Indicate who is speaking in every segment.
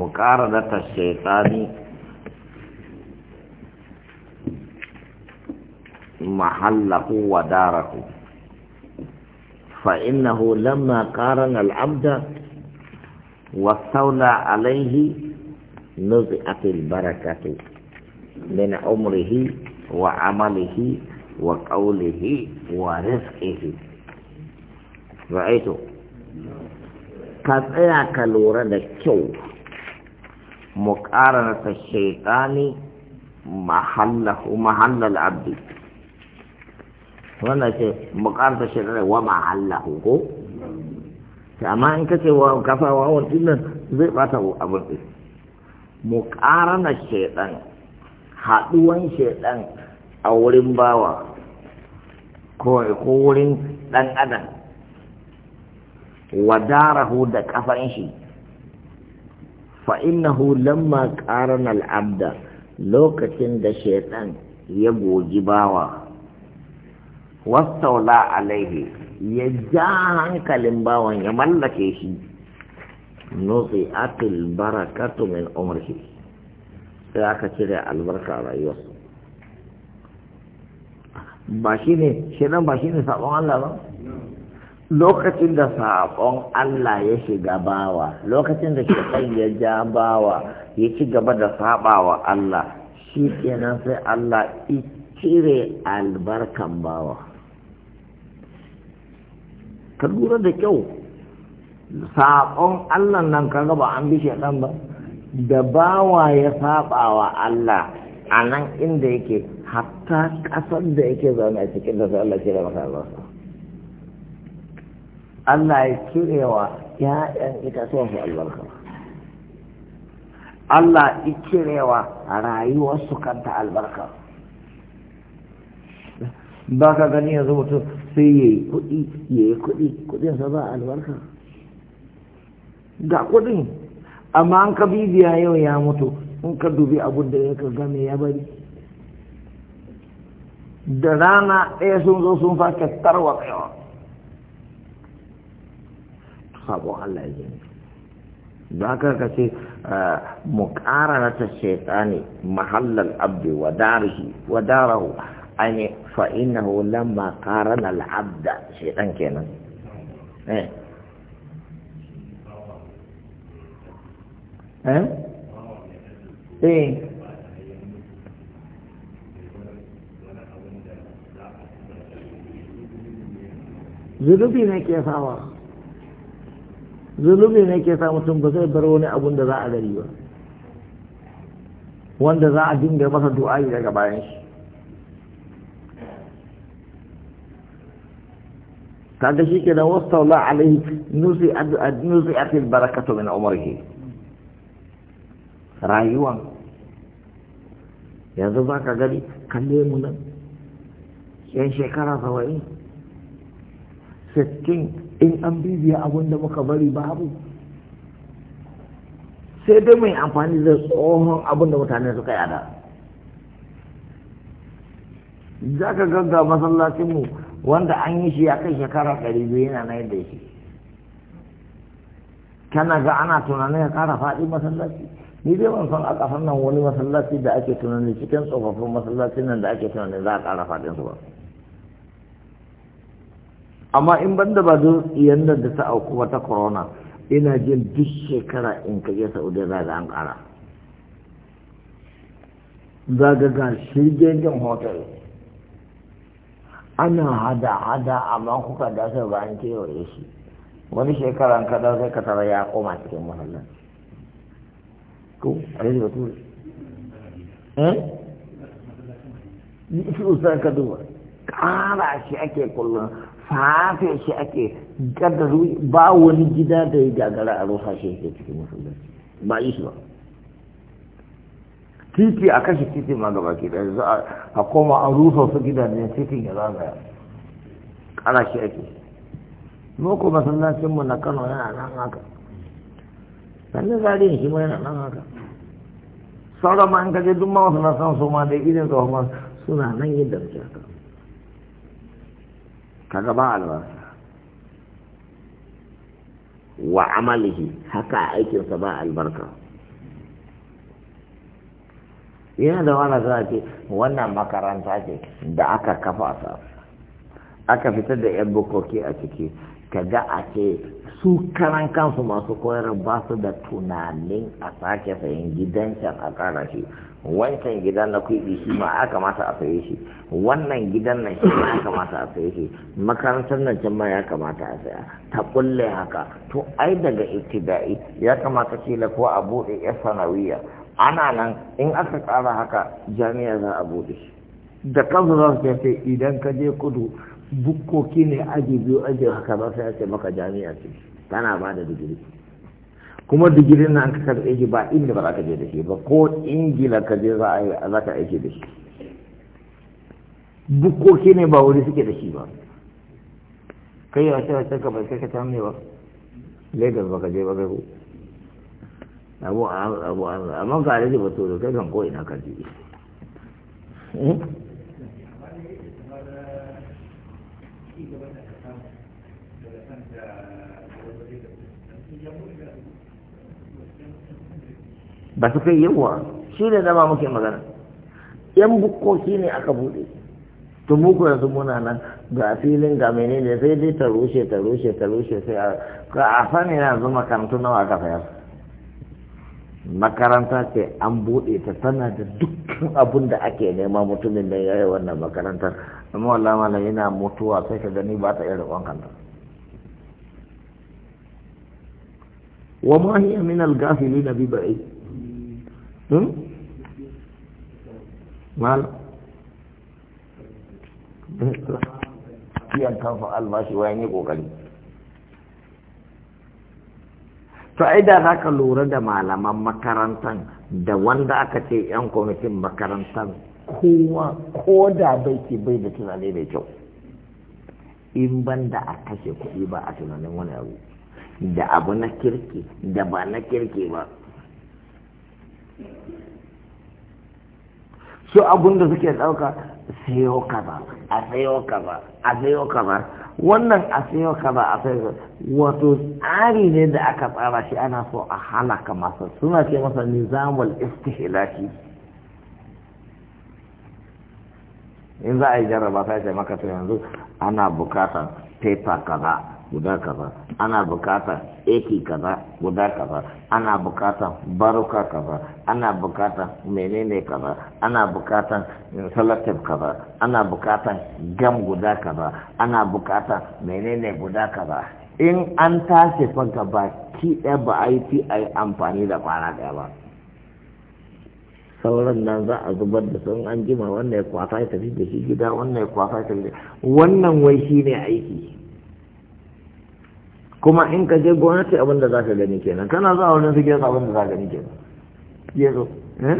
Speaker 1: مقارنة الشيطان محله وداره فإنه لما قارن العبد واستولى عليه نزعت البركة من عمره وعمله وقوله ورزقه رأيته كذا tsaya ka مقارنة الشيطان محله محل العبد wannan ce bukatar shi da wa mahallahu ko amma in ka ce wa kafa wa wawon dinnan zai bata abin din muqarana shaytan haduwan shaytan a wurin bawa ko ko wurin dan adam wa wadarahu da kafan shi fa lamma qarana al-abda lokacin da shaytan ya goji bawa wastaula alaihi ya ja hankalin bawan ya mallake shi nuzi atil barakatu min umrihi sai aka cire albarka a rayuwarsa ba shi ne shaidan ba shi ne sabon Allah ba lokacin da saƙon Allah ya shiga bawa lokacin da shaɗan ya ja bawa ya ci gaba da saɓawa Allah shi kenan sai Allah cire albarkan bawa ka lura da kyau saƙon Allah nan ka gaba an bi shaɗan ba da bawa ya saɓawa Allah a nan inda yake hatta ƙasar da yake zaune a cikin da sai Allah cire maka albarka Allah ya kirewa ‘ya'yan itatuwan su albarka Allah ya kirewa rayuwarsu kanta albarka ba ka gani yanzu mutum sai ya yi kuɗi ya yi kuɗi kuɗinsa ba albarka ga kuɗin amma an ka bibiya yau ya mutu in ka dubi abin da ya game ya bari da rana ɗaya sun zo sun fa fake kaiwa sabon Allah ya gani don haka ka ce mukararata shaitani mahallal abdi wa darihi wa darahu aini fa innahu lamma qarana al-abda shaitan kenan eh eh eh zunubi ne ke fawa zulumi ne ke sa mutum ba zai bar wani abun da za a gari ba wanda za a dinga masa du'a'i daga bayan shi kaga shi ke da wasu taula alaihi nusi a fil barakatu min umarki rayuwan yanzu za ka gani kalle mu nan yan shekara saba'in sittin in an bibiya abin da muka bari babu sai dai mai amfani da tsohon abin da mutane suka yada za ka gaggawa masallacinmu wanda an yi shi ya kai shekara ɗari biyu yana na yadda shi kana ga ana tunanin ya ƙara faɗi masallaci ni dai ban san a ƙasar nan wani masallaci da ake tunanin cikin tsofaffin masallacin nan da ake tunanin za a ƙara faɗin su ba amma in ban ba don tsiyan da ta auku wata corona ina jin duk shekara in ka je saudiya za ga an kara za ga ga shirgin hotel ana hada-hada amma kuka dasa bayan kewaye shi wani shekaran ka dawo sai ka tara ya koma cikin mahallin ko a yi batu eh ni su ka duba ƙara shi ake kullum fafe shi ake kaddaru ba wani gida da ya gagara a rufa shi ke cikin musulunci ba yi shi ba titi a kashe titi ma gaba ke da yanzu a koma a rufa su gida gidajen titin ya zagaya ana shi ake mu ko masallacinmu na kano yana nan haka sannan zariyan shi ma yana nan haka sauran ma an kaje duk ma wasu na san su ma da idan tsohon suna nan yadda muke kaga ba albarka wa amalihi haka aikinsa ba albarka yana da wani za wannan makaranta ce da aka kafa sa aka fitar da 'yan bukoki a ciki ka ga a ce su karan kansu masu koyar ba su da tunanin a sake sayan gidan can a kara shi wancan gidan na kuɗi shi ma aka kamata a saye shi wannan gidan nan shi ma aka kamata a saye shi makarantar nan can ma ya kamata a saya ta kulle haka to ai daga ibtida'i ya kamata la ko a buɗe yar sanawiya ana nan in aka kara haka jami'a za a buɗe da kansu za su ce idan ka je kudu bukkoki ne aji biyu aji haka ba sai ce maka jami'a ce kana ba da digiri kuma digiri nan ka kasar shi ba inda ba za ka je da shi ba ko ingila ka je za ka aiki da shi bukkoki ne ba wuri suke da shi ba kai yi ce wace ka bai kai ka can ne ba lagos ba ka je ba kai ku, abu abu amma ga alaji ba to kai kan ko ina ka je hmm? ba su kai yawa shi ne zama muke magana yan shi ne aka buɗe to muku yanzu muna nan ga filin ga menene sai dai ta rushe ta rushe ta rushe sai a fani na zuma kantu nawa a fayar makaranta ce an buɗe ta tana da dukkan abin da ake nema mutumin da ya yi wannan makarantar amma wallah malam yana mutuwa sai ka gani ba ta irin wankan ta wa ma hiya min al-ghafilin bi ba'i hmm mal kiyan kafa albashi wayan yi kokari to ai da lura da malaman makarantar da wanda aka ce 'yan kwamitin makarantar kowa ko da bai ke bai da tunani mai kyau in ban da a kashe kuɗi ba a tunanin wani abu da abu na kirki da ba na kirki ba su abun da suke ɗauka sayo ba a sayo ba a sayo ba wannan a sayo ba a sayo wato tsari ne da aka tsara shi ana so a halaka masa suna ce masa nizamul istihlaki in za a yi jarraba sai ce maka to yanzu ana bukatar paper kaza guda kaza ana bukata eki kaza guda kaza ana bukata baruka kaza ana bukata menene kaza ana bukata salatif kaza ana bukata gam guda kaza ana bukata menene guda kaza in an tashi fa gaba ki ɗaya ba a yi a amfani da kwana ɗaya ba sauran nan za a zubar da sun an jima wannan ya kwasa ya tafi da shi gida wannan ya kwasa ya tafi wannan wai shi ne aiki kuma in ka je gwamnati abin da za ka gani kenan kana zuwa wurin su gesa abin da za ka gani kenan gezo eh?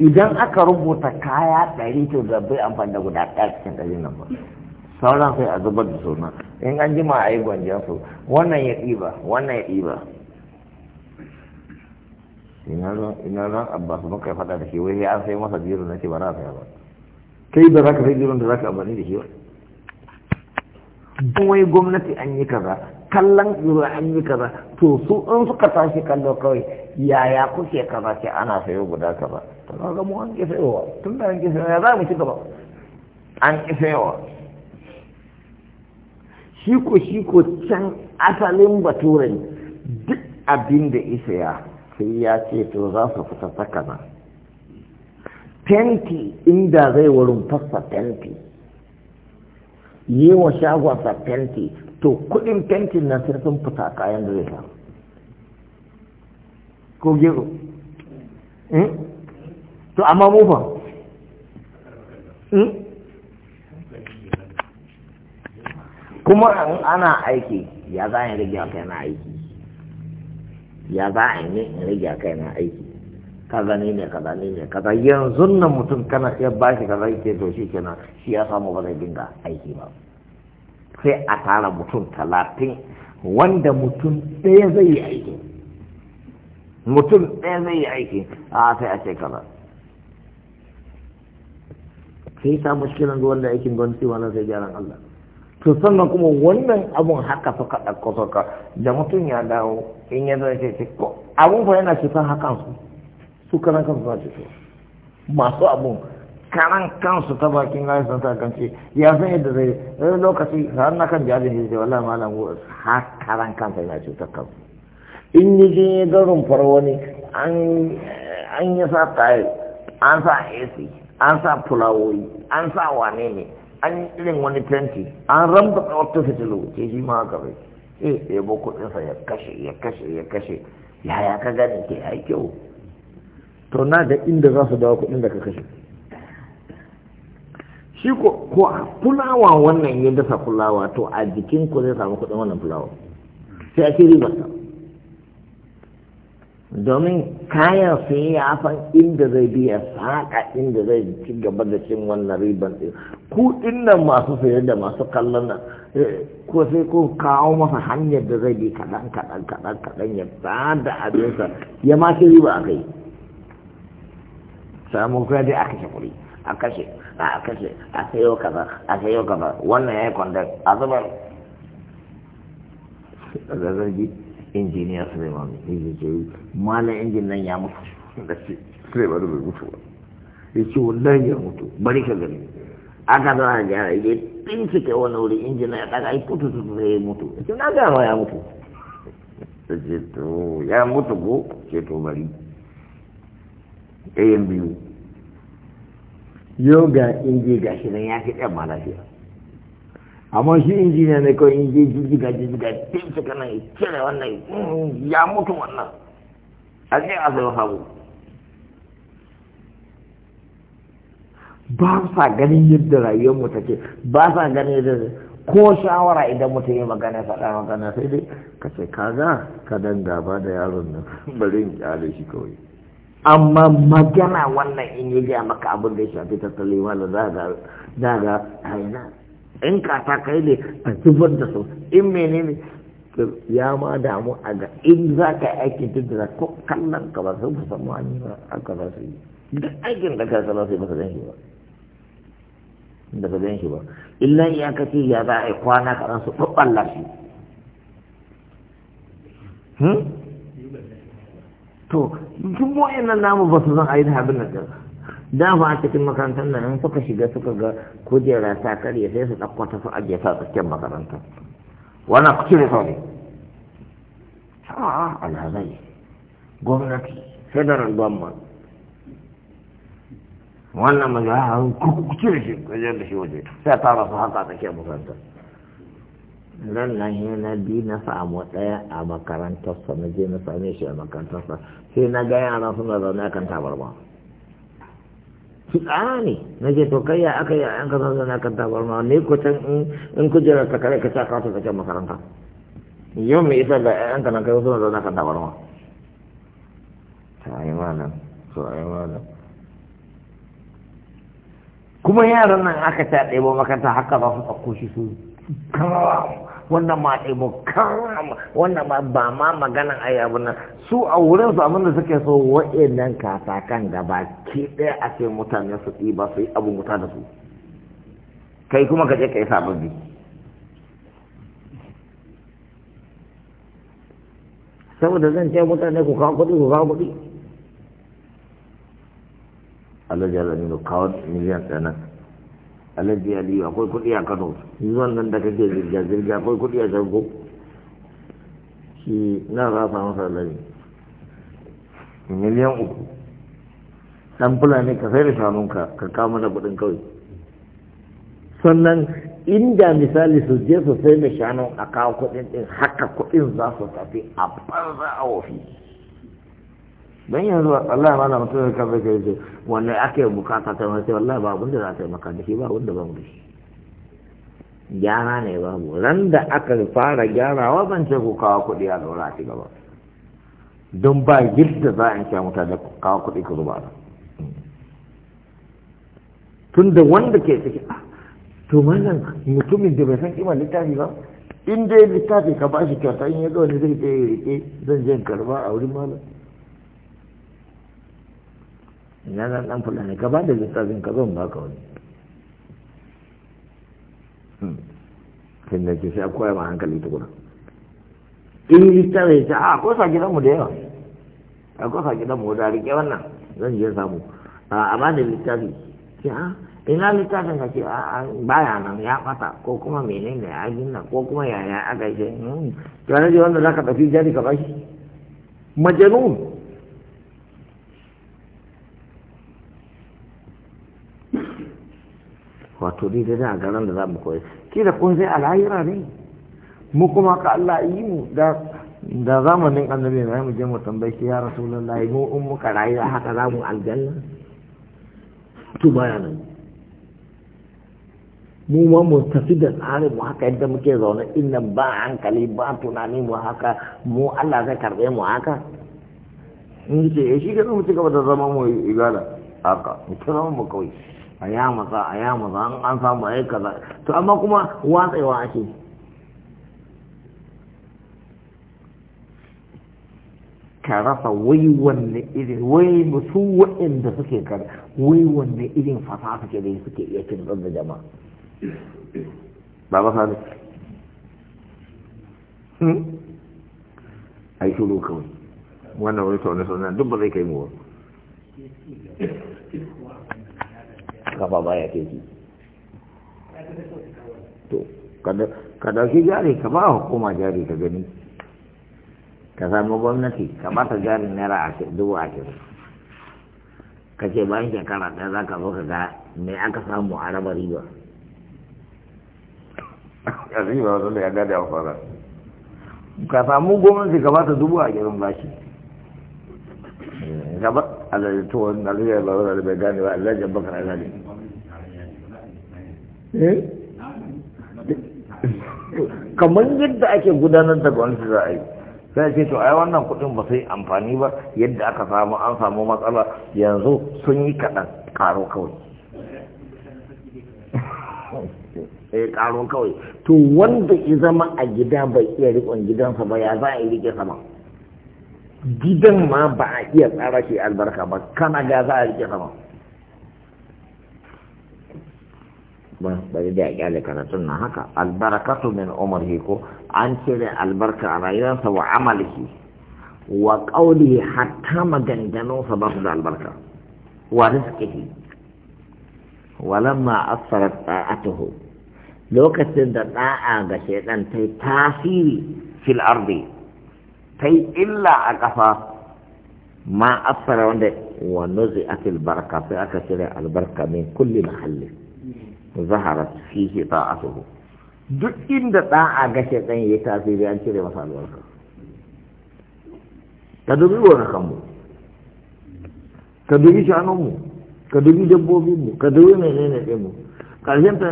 Speaker 1: idan aka rubuta kaya ɗari to da bai amfani da guda ɗaya cikin ɗari nan ba sauran sai a zubar da suna in an jima a yi gwanjan su wannan ya ɗiba wannan ya ɗiba ina ran abbas muka yi faɗa da shi wai an sai masa jirin na ce ba za a saya ba kai da za ka sai jirin da za ka amfani da shi ba don wai gwamnati an yi kaza kallon tsoro an yi kaza to su in suka tashi kallo kawai yaya kuke kaza ce ana sayo guda kaza to ga mu an ki sayowa tun da an ki sayowa za mu ci gaba an ki sayowa shi ko shi ko can asalin baturen duk abin da isa ya sai ya ce to za su fita sakana fenti inda zai wurin fasa fenti yi wa shagonsa fenti to kudin fentin na sai sun fita kayan da zai sa ko gero hmm? to amma mufa hmm? kuma ana aiki ya za a yi rigya kai na aiki ya za a yi rigya kai na aiki kaza ne ne kaza ne ne kaza yanzu nan mutum kana iya ba shi kaza yake to shi kenan shi ya samu ba zai dinga aiki ba sai a tara mutum talatin wanda mutum ɗaya zai yi aiki mutum ɗaya zai yi aiki a sai a ce kaza sai ta mushkilan ga wanda aikin gwamnati wannan sai gyaran Allah to sannan kuma wannan abun haka suka ɗauko suka da mutum ya dawo in ya zai ce ko abun fa yana cikin hakan su su karan kansu za su masu abun karan kansu ta bakin gani sun sakance ya san yadda zai yi lokaci har na kan jajin shi wala malam ha karan kansa ce ta kansu in yi jin yi garin rumfar wani an yi sa tayi an sa ac an sa fulawoyi an sa wane ne an yi irin wani fenti an ramba tsawata fitilu ke shi ma haka bai eh ɗebo kudinsa ya kashe ya kashe ya kashe yaya ka gani ke ai kyau to na ga inda za su dawo kuɗin da ka kashe shi ko fulawa wannan ya dasa fulawa to a jikin ku zai samu kuɗin wannan fulawa sai ake riba domin kayan yi ya san inda zai biya saƙa inda zai ci gaba da cin wannan riban ɗin ku nan masu sayar da masu kallon nan eh, ko sai ko kawo masa hanyar da zai bi kaɗan kaɗan kaɗan kaɗan ya tsada abinsa ya ma riba a kai samun kuraje aka kashe kuri a kashe a kashe a sayo kaza a sayo kaza wannan ya yi kwandar a zubar da zargi injiniya suleiman injiniya malam injin nan ya mutu da shi suleiman bai mutu ba ya ce wallahi ya mutu bari ka gani aka zo a gyara ya bincike wani wuri injina ya ɗaga ya kutu su zai ya mutu ya ce na gama ya mutu ya mutu ko ce to bari ɗayan biyu yoga inji ga shi nan ya fi ɗan ma lafiya amma shi inji ne kawai inji jijjiga ga tun suka nan cire wannan mm, ya mutu wannan a ce a zai hagu ba sa ganin yadda rayuwar mu take ba sa ganin yadda ko shawara idan mutum ya magana faɗa magana sai dai ka ce kaga ka danga ba da yaron nan bari in kyale shi kawai amma magana wannan in yi gaya maka abin da ya shafi tattalin wala za ga daga. ga aina in kata kai ne a zubar da su in ne ya ma damu a ga in za ka yi aikin duk da ko kallon ka ba su ba samu an ba aka za su yi duk aikin da ka sama sai ba su gan shi ba da ba gan shi ba illa ya ka ce ya za a yi kwana kaɗan su ɓaɓɓan lafi. to duk nan namu ba su zan da abin da da dama a cikin makarantar nan in suka shiga suka ga kujera ta karya sai su ɗauko ta su ajiye ta tsakiyar makarantar wannan kuke ne sauri a'a alhazai gwamnati federal government wannan mai kuke hau shi kujera da shi waje sai ta rasu haka a tsakiyar makarantar nan nan na bi na samu ɗaya a makarantarsa na je na same shi a makarantarsa sai na ga yara suna zaune kan tabarma tsara ne na je to kai ya aka yi an zaune kan tabarma ne can in kujerar ta kare ka sa ka makaranta yau mai da kai suna zaune kan tabarma ta yi yi kuma yaran nan aka ta ɗebo makaranta haka ba su ɗauko shi su wannan ma ɗaibu kama wannan ma ba ma maganan ai abin nan su a wurin su abinda suke so wa'annan kasakan gaba ke ɗaya a ce mutane su ba su yi abin wuta da su kai kuma ka je ka yi sababbi saboda zan ce mutane ku kawo kuɗi ku kawo kuɗi Allah ya lalata kawo miliyan ɗaya alhaji aliyu akwai kudi a kano nan da kake zirga zirga akwai kudi a shago shi na za samu salari miliyan uku dan fulani ka sai da shanunka ka kama da kudin kawai sannan inda misali su je su sai da shanu a kawo kudin din haka kudin za su tafi a banza a wofi dan yanzu Allah ma na mutum ka bai kai ce wanda ake bukata ta mai sai wallahi ba abin da za ta maka da shi ba abin ba mu gyara ne ba mu ran da aka fara gyara wa ban ce ku kawo kuɗi a daura shi gaba don ba yadda za a in mutane da kawo kuɗi ku zuba ba tun da wanda ke ciki ah, to mallan mutumin da bai san kima littafi ba in dai littafi ka ba shi kyauta in ya ga wani zai je ya rike zan je karba a wurin malam ina nan dan fulani ka ba da littafin ka zo ba ka wani hmm. tun da ke sai akwai ma hankali tukuna in littafin ta a ko sa gidanmu da yawa a ko sa gidanmu da rike wannan zan je samu a ba da littafi ce a ah, ina littafin ka ce a ah, ah, baya nan ya fata ko kuma menene ya gina ko kuma yaya aka ce tare da wanda za ka tafi jari ka shi majanun wato dai da a garin da za mu koyi da kun sai alhayira ne mu kuma ka Allah yi mu da da zamanin annabi na mu je mu tambaye shi ya rasulullahi mu in muka rayu haka za mu aljanna to baya nan mu ma mu tafi da tsare mu haka yadda muke zaune inna ba hankali ba tunani mu haka mu Allah zai karbe mu haka in ce eh, shi ga mu ci gaba da zama mu ibada haka mu kira mu kawai a ya matsa a ya matsa an samu a kaza to amma kuma watsewa ake ka rasa wai wanne irin wai su waɗanda suke kar wai wanne irin fasa suke da suke iya cin da jama'a ba ba sa hmm? a yi shuru kawai wannan wani sauran sauran duk ba zai kai mu ba a kafa baya teki to kada ki jari ka ba hukuma jari ka gani ka samu gwamnati ka ba ta jari naira a dubu ashirin ka ce bayan shekara ɗaya za ka zo ka ga me aka samu a raba riba a riba wasu da ya gada wa fara ka samu gwamnati ka ba ta dubu ashirin bashi gaba a da tuwon da zai ba wani da bai gane ba a zai lajin bakar azali Eh? kamar yadda ake gudanar da gwamnati za a yi sai ce to ai wannan kudin ba sai amfani ba yadda aka samu an samu matsala yanzu sun yi kaɗan karo kawai sai karo eh, kawai to wanda ya zama a gida bai iya rikon gidansa ba ya za a yi rike sama gidan ma ba a iya tsara shi albarka ba kana ga za a rike sama البركة من عمره عن أنتي البركة على يده وعمله وقوله حتى ما جنجنوا صبرت على البركة ورزقه ولما أثرت طاعته لو كنت طاعة بشيطا تي تاثير في الأرض تي إلا أقفى ما أثر عنده ونزئت البركة في أكثر البركة من كل محل zaharat fihi ta'atuhu duk inda da'a ga shaitan ya tasiri an cire masa albarka ka dubi wani kanmu ka dubi shanunmu ka dubi dabbobinmu ka dubi menene mu ƙarshen ta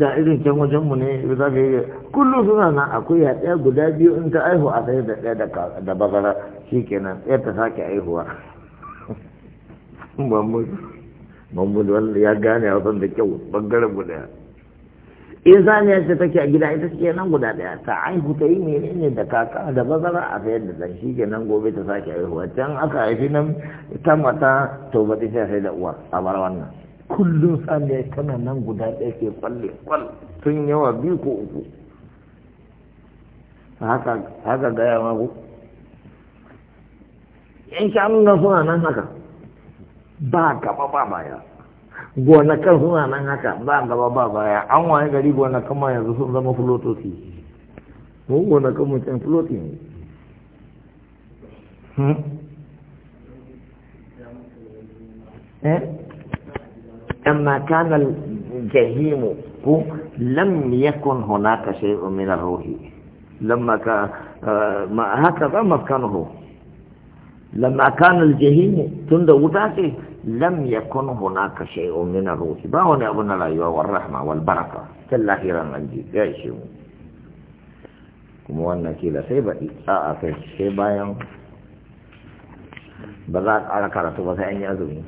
Speaker 1: da irin can mu ne za ka yi kullum suna na akwai ya ɗaya guda biyu in ta aihu a tsaye da ɗaya da bazara shi kenan ɗaya ta sake aihuwa ban mutu mamuli wanda ya gane a da kyau bangare guda in saniya ce take a gida ita ce nan guda daya ta aihu ta yi menene da kaka da bazara a sayar da zan shi kenan gobe ta sake aihuwa can aka haifi nan ta mata to ba ta sai da uwa a bar wannan kullum saniya tana nan guda daya ke kwalle kwal sun yawa biyu ko uku haka haka gaya ma ku in suna nan haka ba gaba ba baya gonakan suna nan haka ba gaba ba baya an wani gari gonakan ma yanzu sun zama fulotoci mu gonakan mu can fuloti ne أما كان الجهيم لم يكن هناك شيء من الروح لما كان هكذا مكانه لما كان الجهيم تند lam yakun hunaka shay'un min ar-ruh ba wani abu na rayuwa war rahma wal baraka kan lahiran anji ya ishe mu kuma wannan kila sai baɗi a a sai bayan ba za a ƙara karatu ba sai an yi azumi